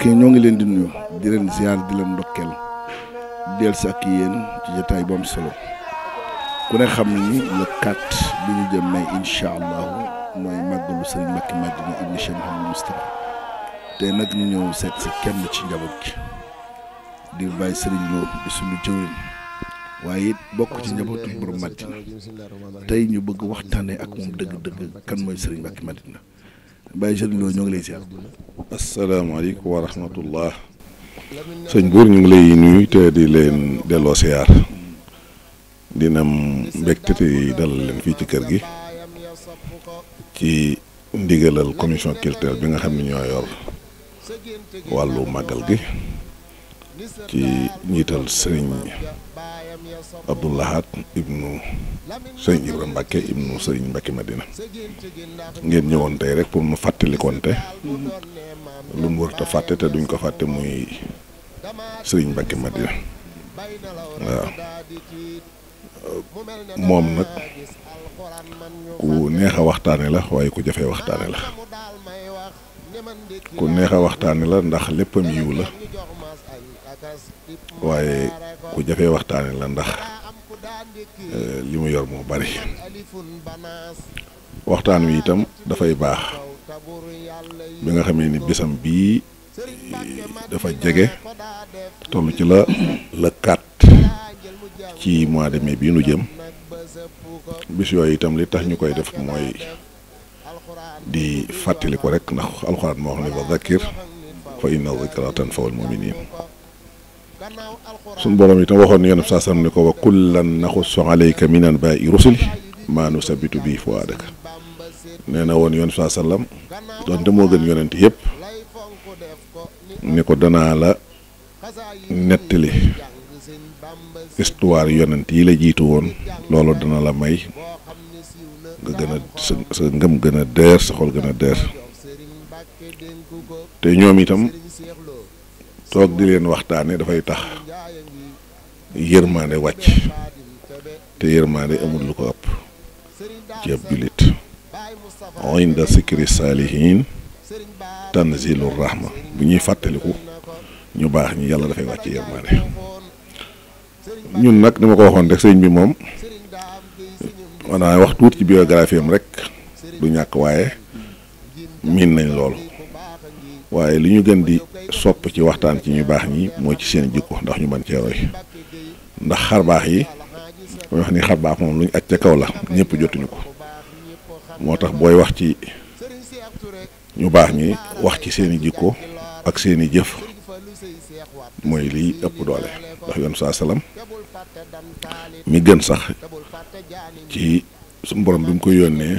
ki ñoo ngi leen di nuyu di leen ziar di leen ndokkeel del si ak yéen ci jotaay bu am solo ku ne xam ni le 4 bi ñu jëm nay incha allahu mooy màggalu Sëriñ Mbàkke Madina ibn Cheikh Mouhamadou Moustapha nag ñu ñëw seet si kenn ci njaboot gi di bàyyi sëriñ Lo di suñu jëwriñ waaye it bokk ci njabootu borom Madina tey ñu bëgg waxtaanee ak moom dëgg-dëgg kan mooy Sëriñ Mbàkke Madina Baye Serigne Lo ñoo ngi lay ziar. asalaamaaleykum wa rahmatullah sëñ Buur ñu ngi lay nuyu te di leen delloo siyaar dinam mbégte te dalal leen fii ci kër gi ci ndigalal commission culturelle bi nga xam ne ñoo yor wàllu màggal gi ci njiital sëriñ Abdoulahat ibnu sëriñ Ibra Mbacke ibnu sëriñ Mbacke Madina ngeen ñëwoon tey rek pour nu fàttalikonte lu mu wërta fàtte te duñ ko fàtte muy sëriñ Mbacke Madina waaw moom nag ku neex a waxtaane la waaye ku jafee waxtaane la ku neex a waxtaane la ndax léppam yiw la waaye ku jafee waxtaane la ndax eh, li mu yor moo bari waxtaan wi itam dafay baax bi nga xamee ni bisam bii eh, dafa jege toll ci la la quatre ci mois de mai bii nu jëm bis yooyu itam li tax ñu koy def mooy di fàttali ko rek ndax alxuraan moo wax ne wa zakir fa inna zikra tanfa'ul mu'minin suñ borom itam waxoon na yoonam saa sam ne ko wa kullan naxussu alayka min anbaa'i rusuli maa nusabitu bii fuaadaka nee na woon yoon saa sallam moo gën yonent yëpp ni ko danaa la nettali histoire yonent yi la jiitu woon loolu dana la may nga gën a sa sa ngëm gën a deer sa xol gën a te ñoom itam toog di leen waxtaane dafay tax yërmaande wàcc te yërmaande amul lu ko ëpp ci ab jullit inda sikri saalihiin tanzilu rahma bu ñuy fàttaliku ñu baax ñi yàlla dafay wàcc yërmaande ñun nag ni ma ko waxoon rek bi moom man naa wax tuuti ci biographie am rek du ñàkk waaye miin nañ loolu waaye li ñu gën di sopp ci waxtaan ci ñu baax ñi mooy ci seen jikko ndax ñu mën cee roy ndax xar baax yi mooy wax ni xar baax moom lu ñu aj ca kaw la ñëpp jotuñu ko moo tax booy wax ci ñu baax ñi wax ci seeni jikko ak seeni jëf mooy lii ëpp doole ndax yoon saa salaam mi gën sax ci suñu borom bi mu ko yónnee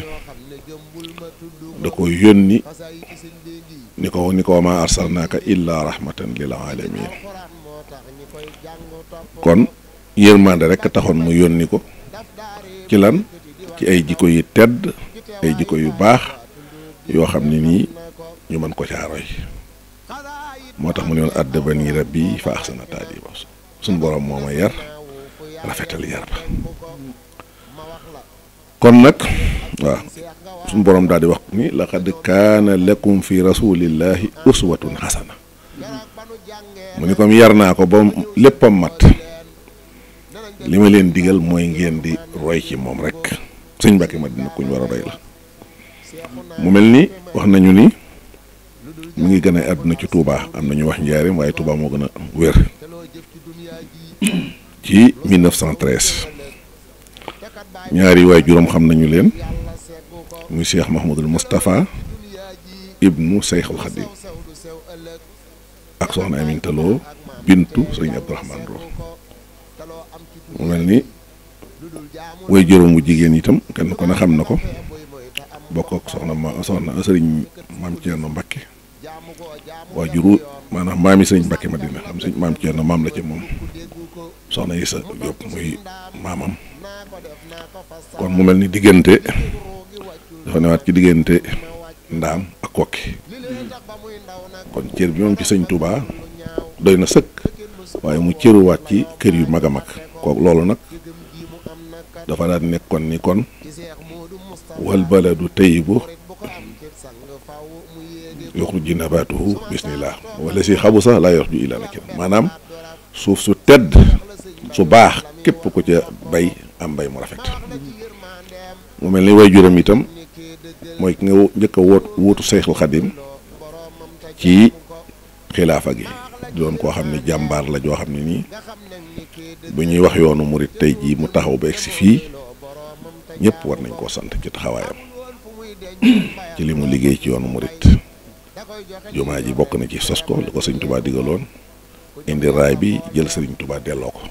da ko yónni ni ko ni ko wama arsalnaaka illa rahmatan lil kon yërmande rek taxoon mu yónni ko ci lan ci ay jikko yu tedd ay jikko yu baax yoo xam ne nii ñu mën ko caaroy moo tax mu ne woon addabani rabbi fa ahsana taadiba suñu borom moo ma yar rafetal yar ba kon nag waaw suñu borom daal di wax ni laqad kaana lakum fi rasulillahi uswatun xasana mu ni comme yar naa ko ba lépp a mat li ma leen digal mooy ngeen di roy ci moom rek suñ mbàkki ma dina kuñ war a roy la mu mel ni wax nañu nii mi ngi gën àdduna ci Touba am na ñu wax njaareem waaye Touba moo gën a wér ci 1913 ñaari waay juróom xam nañu leen muy Cheikh Mahmoudul Moustapha ibnu Seyxul Xadim ak soxna Aminta Lo bintu sëriñ Abdourahmane Lo mu mel ni way juróom wu jigéen itam kenn ko ne xam na ko bokk ak soxna ma soxna sëriñ Mbakke waajuru maanaam maami sëñ Mbacke ma xam sëñ maam Thierno maam la ci moom soxna Issa Diop muy maamam kon mu mel ni diggante dafa newaat ci diggante ndaam ak kokki kon cër bi moom ci sëñ Touba doy na sëkk waaye mu cëruwaat ci kër yu mag a mag kooku loolu nag dafa daan nekkoon ni kon wal baladu tayyibu yuxruju nabaatuhu bismillah wala si xabu sax laa yuxruju illaa nakir maanaam suuf su tedd su baax képp ku ca bay am bay mu rafet mu mel ni way juróom itam mooy ki nga njëkk a woot wóotu Seexul Xadim ci xilaafa gi doon koo xam ne jàmbaar la joo xam ne nii bu ñuy wax yoonu murit tey jii mu taxaw ba egsi fii ñëpp war nañ koo sant ci taxawaayam ci li mu liggéey ci yoonu murit jumaa ji bokk na ci sos ko la ko sëñ tubaa digaloon indi raay bi jël sëriñ tubaa delloo ko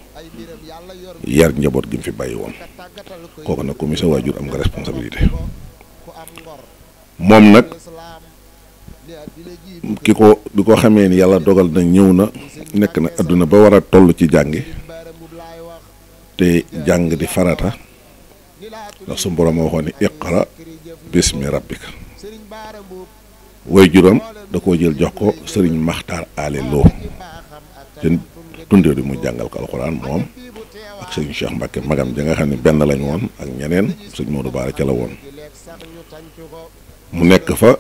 yar njaboot gi mu fi bàyyi woon kooku nag ku mi sa waajur am nga responsabilité moom nag ki ko bi ko xamee ni yàlla dogal na ñëw na nekk na àdduna ba war a toll ci jàngi te jàng di farata ndax su mboroom a waxoon ni iqra bismi rabbika way juram da koo jël jox ko sëriñ Maxtaar Aale Lo ci tundee di mu jàngal ko alxuraan moom ak sëriñ Cheikh Mbacke magam ja nga xam ni benn lañ woon ak ñeneen sëriñ du Baara ca la woon mu nekk fa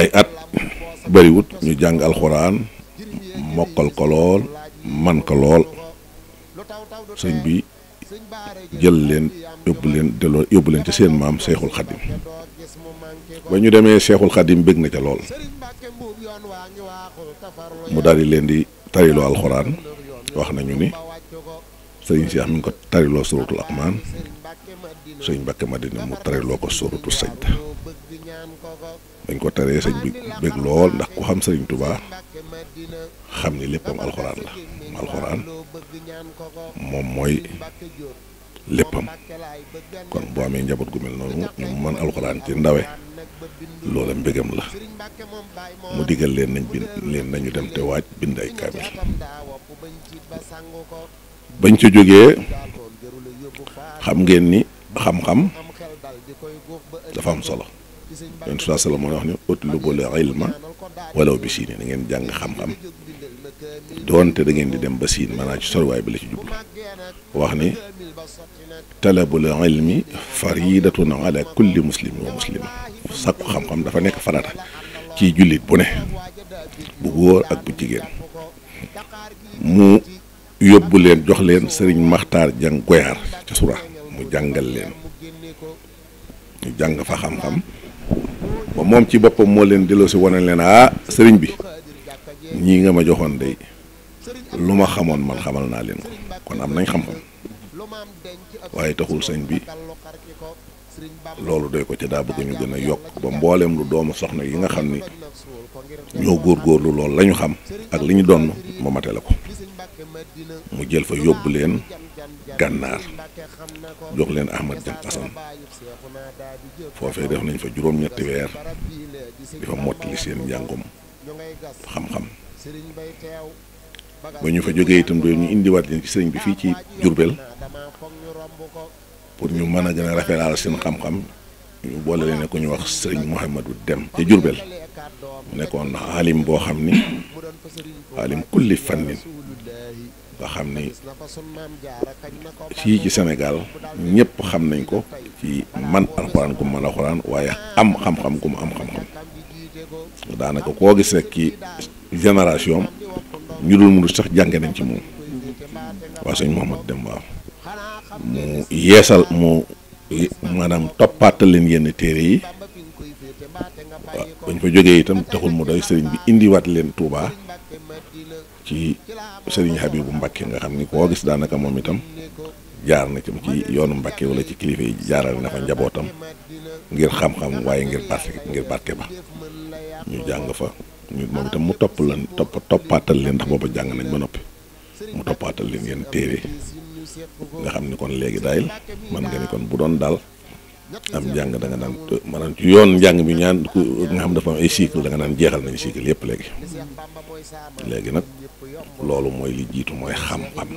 ay at bëriwut ñu jàng alxuraan mokkal ko lool man ko lool sëñ bi jël leen yóbbu leen delloo yóbbu leen ci seen maam Seexul Xadim ba ñu demee Seexul Xadim bëgg na ca lool mu daal leen di tariloo alxuraan wax nañu ni sëriñ Seex mi ngi ko tariloo suratul Aqmaan sëriñ Mbàkke Madina mu tariloo ko suratu Sajda dañ ko taree sëñ bi bëgg lool ndax ku xam sëriñ Tuubaa xam ni léppam alxuraan la moom mooy léppam kon boo amee njaboot gu mel noonu ñu mën alxuraan ci ndawe loola mbégam la mu digal leen nañ bind leen nañu dem te waaj bind ay kaamil bañ ca jógee xam ngeen ni xam-xam dafa am solo yonent sallallahu alayhi wa sallam moo wax ni utlubu l ilma walaw bi siini na ngeen jàng xam-xam doonte da ngeen di dem ba siin maanaam ci sorwaay bi la ci jublu wax ni talabul ilmi faridatun ala kulli muslim wa muslima sàkku xam-xam dafa nekk farata ci jullit bu ne bu góor ak bu jigéen mu yóbbu leen jox leen sëriñ maxtaar jàng goyaar ca sura mu jàngal leen ñu jàng fa xam-xam ba moom ci boppam moo leen delloo si wane leen ah sëriñ bi ñii nga ma joxoon day lu ma xamoon man xamal naa leen ko kon am nañ xam-xam waaye taxul sëñ bi loolu doy ko ci daa bëgg ñu gën a yokk ba mbooleem lu doomu soxna yi nga xam ni ñoo góorgóorlu loolu la ñu xam ak li ñu doon ma mate la ko mu jël fa yóbbu leen gànnaar jox leen Ahmad Jam Asan foofee def nañ fa juróom-ñetti weer di fa mottali seen njàngum xam-xam ba ñu fa jógee itam doon ñu indiwaat leen ci sëriñ bi fii ci Jurbel pour ñu mën a gën a rafetal seen xam-xam ñu boole leen ne ku ñu wax sëriñ Mouhamadou Dem ca Jurbel mu nekkoon alim boo xam ni alim kulli fannin nga xam ni fii ci senegal ñëpp xam nañ ko ci man alxuraan gu man alxuraan waaye am xam-xam gu mu am xam-xam daanaka koo gis rek ci génération ñu dul mënul sax jànge nañ ci moom waa sëñ Mouhamad dem waaw mu yeesal mu maanaam toppaatal leen yenn téere yi bañ fa jógee itam taxul mu doy sëriñ bi indiwaat leen Touba ci sëriñ Habibu Mbàkke nga xam ni koo gis daanaka moom itam jaar na tam ci yoonu Mbàkke wala ci kilifa yi jaaral na fa njabootam ngir xam-xam waaye ngir barke ngir barke ba ñu jàng fa ñu moom itam mu topp lan topp toppaatal leen ndax booba jàng nañ ba noppi mu toppaatal leen ngeen téere nga xam ni kon léegi daayil man nga ni kon bu doon daal am njàng da nga naan maanaam ci yoon njàng bi ñaan ku nga xam dafa am ay cycle da nga naan jeexal nañ cycle yëpp léegi léegi nag loolu mooy jiitu mooy xam-xam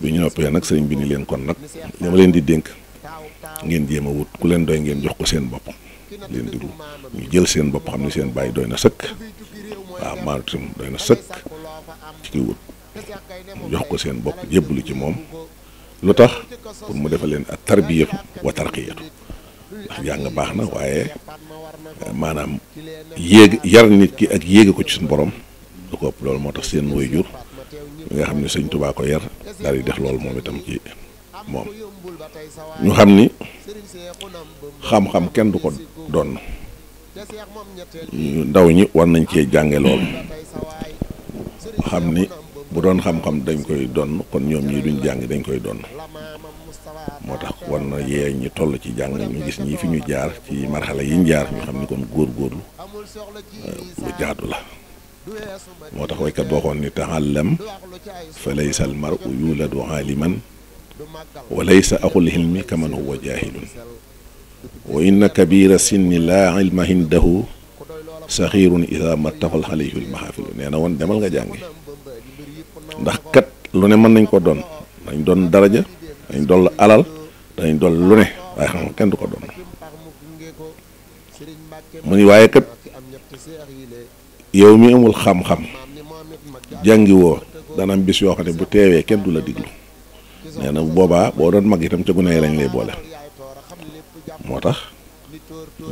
bi ñu noppee nag sëriñ bi ni leen kon nag li ma leen di dénk ngeen jéema a wut ku leen doy ngeen jox ko seen bopp leen déglu ñu jël seen bopp xam ne seen bàyyi doy na sëkk waaw maanaam doy na sëkk ci kiy wut mu jox ko seen bopp lu ci moom lu tax pour mu defal leen ak tarbiyatu wa tarqiyatu ndax jàng baax na waaye eh, maanaam yéeg yar nit ki ak yéege ko ci suñu borom lu ko ëpp loolu moo tax seen waajur mi nga xam ne sëñ Tuubaa ko yar daal di def loolu moom itam ci moom ñu xam ni xam-xam kenn du ko doon ndaw ñi war nañ cee jànge lool xam ni bu doon xam-xam dañ koy doon kon ñoom ñii duñ jàng dañ koy doon moo tax war na yee ñu toll ci jàng ñu gis ñi fi ñu jaar ci marxala yi ñu jaar ñu xam ni kon góor-góorlu bu euh, jaadu la moo tax waykat waxoon ni taxallam fa laysa al mar'u yuladu aaliman wa laysa axul xilmi kaman huwa jaahilun wa inna kabira sinni laa ilma hindahu saxiirun ida mattafal xaleyhul maxaafilu nee na woon demal nga jàngi ndax kat lu ne mën nañ ko doon dañ doon daraja dañ doon alal dañ doon lu ne waaye du ko doon mu waaye kat yow mi amul xam-xam jàngiwoo dana am bis yoo xam ne bu teewee kenn du la diglu nee bu boobaa boo doon mag itam ca gune yi lañ lay boole moo tax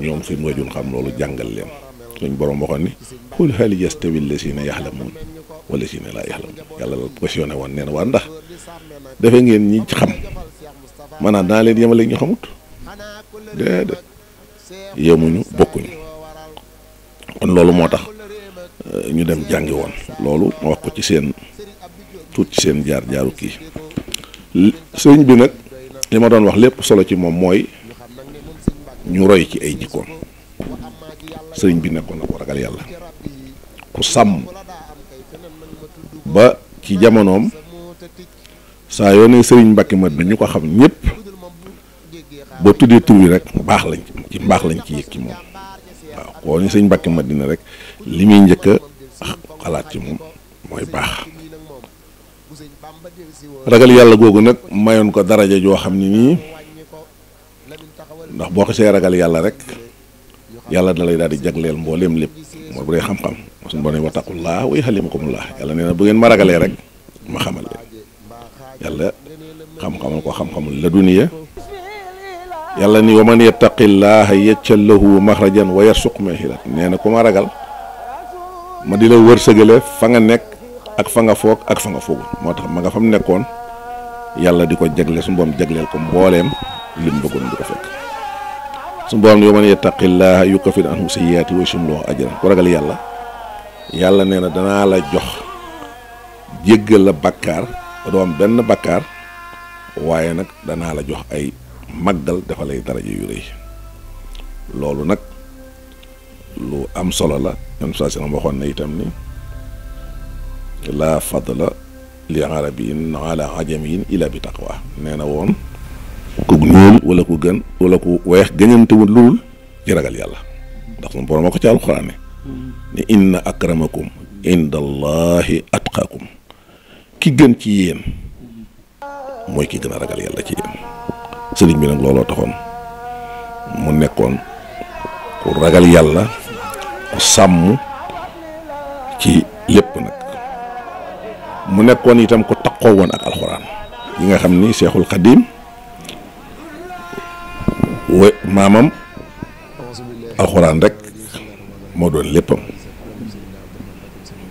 ñoom suñ wajun xam loolu jàngal leen suñ borom waxoon ni xul hal yastawi lasina yaxlamuun wala moom laa yaxlamuun yàlla la questionné woon nee na waa ndax defe ngeen ñi xam maanaam daa leen yemale ñu xamut déedéet yemuñu bokkuñu kon loolu moo tax euh, ñu dem jàngi woon loolu ma wax ko ci seen tuut ci seen jaar jaaru kii sëriñ bi nag li ma doon wax lépp solo ci moom mooy ñu roy ci ay jikkoom sëriñ bi nekkoon na ko ragal yàlla ku sàmm ba ci jamonoom saa yoo ne sëriñ Mbàkke mat bi ñu ko xam ñëpp boo tuddee tur bi rek mbaax lañ ci mbaax lañ ci yëg ci moom waaw koo ni sëñ Mbàkke Madina rek li muy njëkk a xalaat ci moom mooy baax ragal yàlla googu nag mayoon ko daraja joo xam ne nii ndax boo ko see ragal yàlla rek yàlla da lay daal di jagleel mbooleem lépp moo bu dee xam-xam suñu boroom wa ko wa yuallimukumullah yàlla nee na bu ngeen ma ragalee rek ma xamal leen yàlla xam-xamal ko xam-xamul la duniya yàlla ni wa man yattaqillaha yajcal lahu maxrajan wa yarsuq min xilat nee na ko ma ragal ma di la wërsëgale fa nga nekk ak fa nga foog ak fa nga foogul moo tax ma nga fa mu nekkoon yàlla di ko jagle su mboom jagleel ko mbooleem su borom yow man yattaqillaha yukaffir anhu sayyi'ati wa yusim lahu ajran ku ragal yàlla yàlla nee na danaa la jox jéggal la bakkaar doo am benn bakkaar waaye nag danaa la jox ay màggal dafa lay daraja yu rëy loolu nag lu am solo la yan saa si waxoon na itam ni laa fadla li arabiyin ala ajamiyin bi taqwa nee na woon ku ñuul wala ku gën wala ku weex gëñantewul lool ci ragal yàlla ndax suñu borom ko ci alxuraan ne ne inna akramakum inda allahi ki gën ci yéen mooy kii gën a ragal yàlla ci yéen sëriñ bi nag looloo taxoon mu nekkoon ku ragal yàlla ku sàmm ci lépp nag mu nekkoon tam ku takkoo woon ak alxuraan yi nga xam ni seexul xadiim we maamam alxuraan rek moo doon léppam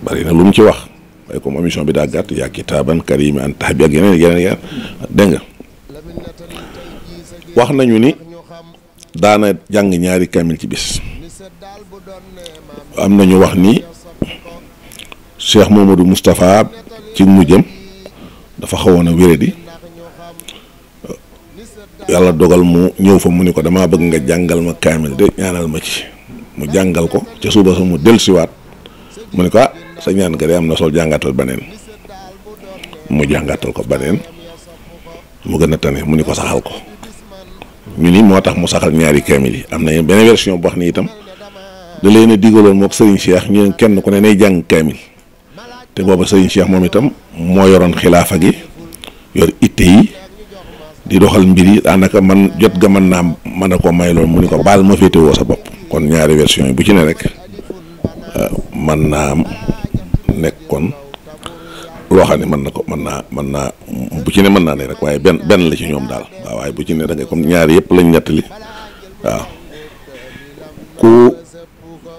bari na lu mu ci wax waaye comme émission bi daa gàtt yaa kitaaban karimi an tax bi ak yeneen yeneen yeneen dégg nga wax nañu ni daana jàng ñaari kamil ci bis am ñu wax ni Cheikh Mamadou Moustapha ci mu mujjam dafa xawoon a wéradi yàlla dogal mu ñëw fa mu ni ko damaa bëgg nga jàngal ma kaamil de ñaanal ma ci mu jàngal ko ca suuba sa mu del siwaat mu ni ko ah sa ñaan ga de am na sol jàngatal baneen mu jàngatal ko baneen mu gën a tane mu ni ko saxal ko ñu nii moo tax mu saxal ñaari kaamil yi am na benn version boo xam ne itam da leen a moo mook Serigne Cheikh ñu kenn ku ne nay jàng kaamil te booba Serigne Cheikh moom itam moo yoroon xilaafa gi yor itte yi di doxal mbir yi daanaka man jot ga man naa mën a ko may loolu mu ni ko baal ma féetewoo sa bopp kon ñaari version yi bu ci ne rek euh, mën naa nekk kon loo xam ne mën na ko mën naa mën naa bu ci ne mën naa ne rek waaye benn benn la ci ñoom daal waaw waaye bu ci ne da nga comme ñaari yëpp lañ ñettali waaw ku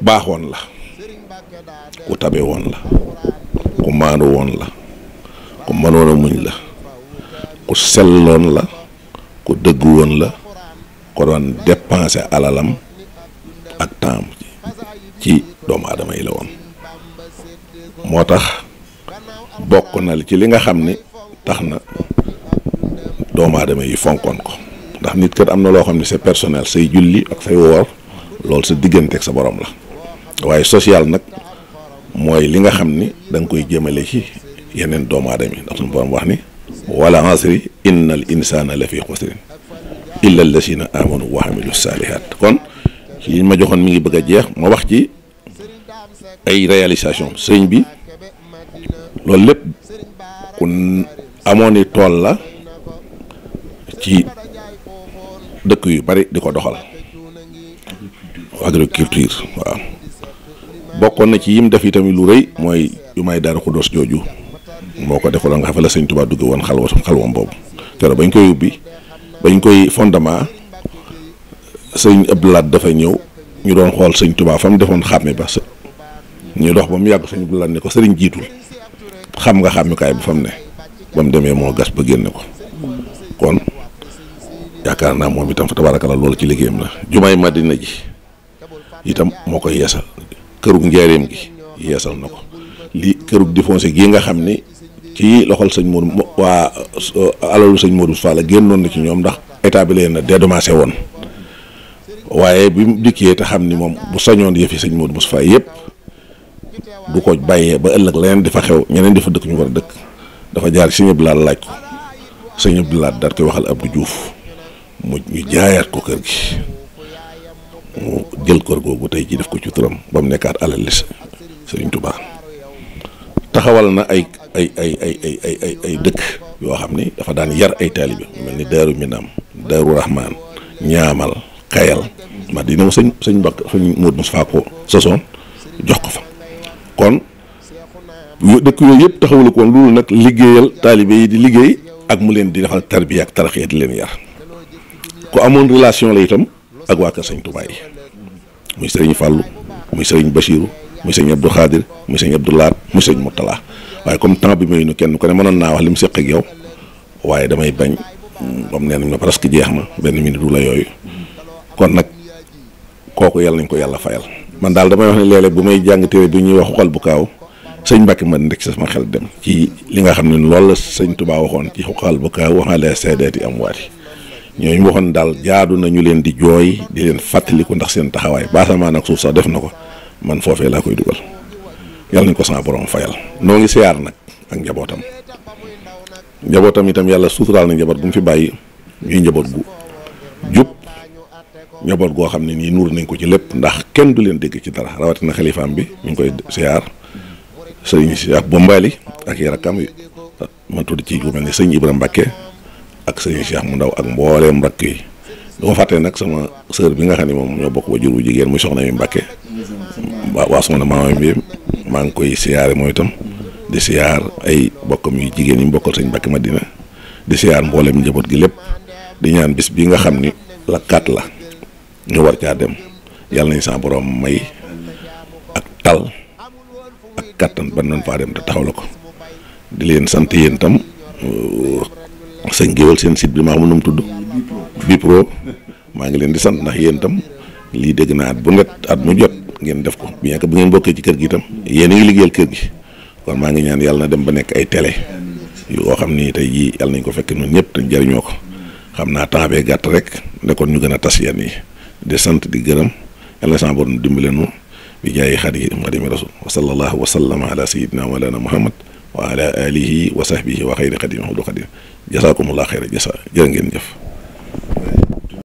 baaxoon la ku tabe woon la ku maandu woon la ku mënoon a muñ la ku selloon la ku dëgg woon la ko doon dépensé alalam ak temps ci doomu aadama yi la woon moo tax bokk na ci li nga xam ni tax na doomu adama yi fonkoon ko ndax nit kër am na loo xam ne c'est personnel say julli ak say woor loolu sa diggante ak sa borom la waaye social nag mooy li nga xam ni da koy jëmale ci yeneen doomu aadama yi ndax suñu borom wax ni wala ansri inna al insana la fi xusrin illa allasina amanu wa amilu salihat kon yi ma joxoon mi ngi bëgg a jeex ma wax ci ay réalisation sëñ bi loolu lépp amoon i tool la ci dëkk yu bari di ko doxal agriculture waaw bokkoon na ci yim def itamit lu rëy mooy yu may Daaru Xudoos jooju moo ko defuloon nga xam fa la sëñ Tuubaa dugg woon xalwa xalwam boobu keroog bañ koy ubbi bañ koy fondement sëñ Abdou Lahad dafa ñëw ñu doon xool sëñ tubaab fa mu defoon xàmme ba sa ñu dox ba mu yàgg sañ Abdou Lahad ne ko sëriñ jiitul xam nga xàmmikaay bu fa mu ne ba mu demee moo gas ba génne ko kon yaakaar naa moom itam fa tabaarakala loolu ci liggéeyam la jumaay na ji itam moo ko yeesal kërug njaareem gi yeesal na ko lii kërug défoncé gii nga xam ni ci loxol sëñ Modou waa alalu sëñ Modou Fall génnoon na ci ñoom ndax état bi leen a dédommagé woon waaye bi mu dikkee te xam ni moom bu sañoon yëfi sañ Modou Moustapha yëpp bu ko bàyyee ba ëllëg leneen di fa xew ñeneen di fa dëkk ñu war a dëkk dafa jaar sëñ Abdou Lahad laaj ko sëñ laat Lahad daal koy waxal Abdou Diouf mu ñu jaayaat ko kër gi mu jël kër googu tey ji def ko ci turam ba mu nekkaat alal li sëriñ Touba taxawal na ay ay ay ay dëkk yoo xam ni dafa daan yar ay taalibe mel ni Daaru Minam Daaru Rahman ñaamal Kayal ma dina ma sëñ sëñ mbokk sëñ Mour Moussa ko sosoon jox ko fa kon dëkk yooyu yëpp taxawal ko woon loolu nag liggéeyal taalibe yi di liggéey ak mu leen di defal tarbiya ak taraxiya di leen yar ku amoon relation la itam ak waa kër sëñ Tuubaa yi muy sëriñ Fàllu muy sëriñ Basiiru muy sëñ Abdou Khadir muy sëñ laat Lahat muy sëñ Moutala waaye comme temps bi may nu kenn ku ne mënoon naa wax li mu seq ak yow waaye damay bañ comme nee nañ ma presque jeex ma benn ni du la yooyu kon nag kooku yàlla nañ ko yàlla fayal. man daal damay wax ne léeg bu may jàng téere bi ñuy wax xol bu kaaw sëñ Mbacke man ndek sama xel dem ci li nga xam ne loolu la sëñ Touba waxoon ci xol bu kaaw waxaale seedeeti am waati ñooñu waxoon daal jaadu na leen di jooy di leen fàttaliku ndax seen taxawaay baasamaan ak suuf sax def na ko. man foofee laa koy dugal yàlla nañ ko sama boroom fayal noo ngi siyaar nag ak njabootam njabootam itam yàlla suturaal na njaboot bu mu fi bàyyi ñuy njaboot gu jub njaboot goo xam ne nii nuur nañ ko ci lépp ndax kenn du leen dégg ci dara rawatina xalifaam bi ñu ngi koy siyaar sëñ si ak bombaali ak yarakam ma tudd ci lu mel ni sëñ Ibrahima Mbacke ak sëñ Cheikh mu ndaw ak mbooleem mbakk yi du ma fàtte nag sama sœur bi nga xam ne moom ñoo bokk ba jigéen muy soxna mi Mbacke waa sama maamam maa ngi koy siyaare mooy itam di siyaar ay bokkam yu jigéen yi mu bokkal sëñ Mbàkke Madina di siyaar mboolem njaboot gi lépp di ñaan bis bi nga xam ni la kat la ñu war caa dem yàlla nañ sa borom may ak tal ak kattan ba noonu faa dem te ko di leen sant yéen tam uh, sëñ géwal seen site bi maa tudd maa ngi leen di sant ndax yéen itam lii dégg naa at bu nekk at mu jot ngeen def ko bien que bu ngeen bokkee ci kër gi itam yéen a ngi liggéeyal kër gi kon maa ngi ñaan yàlla na dem ba nekk ay télé yoo xam nii tey jii yàlla nañ ko fekk noonu ñëpp te jariñoo ko xam naa temps bee gàtt rek ne kon ñu gën a tas yenn yi de sant di gërëm yàlla sama borom dimbale nu bi jaayi xadim xadimi rasul wa sallallahu wa sallama ala sayidina wa lana muhammad wa ala alihi wa sahbihi wa xayri xadim xadu xadim jasaakumullah xayra jasa jërë ngeen jëf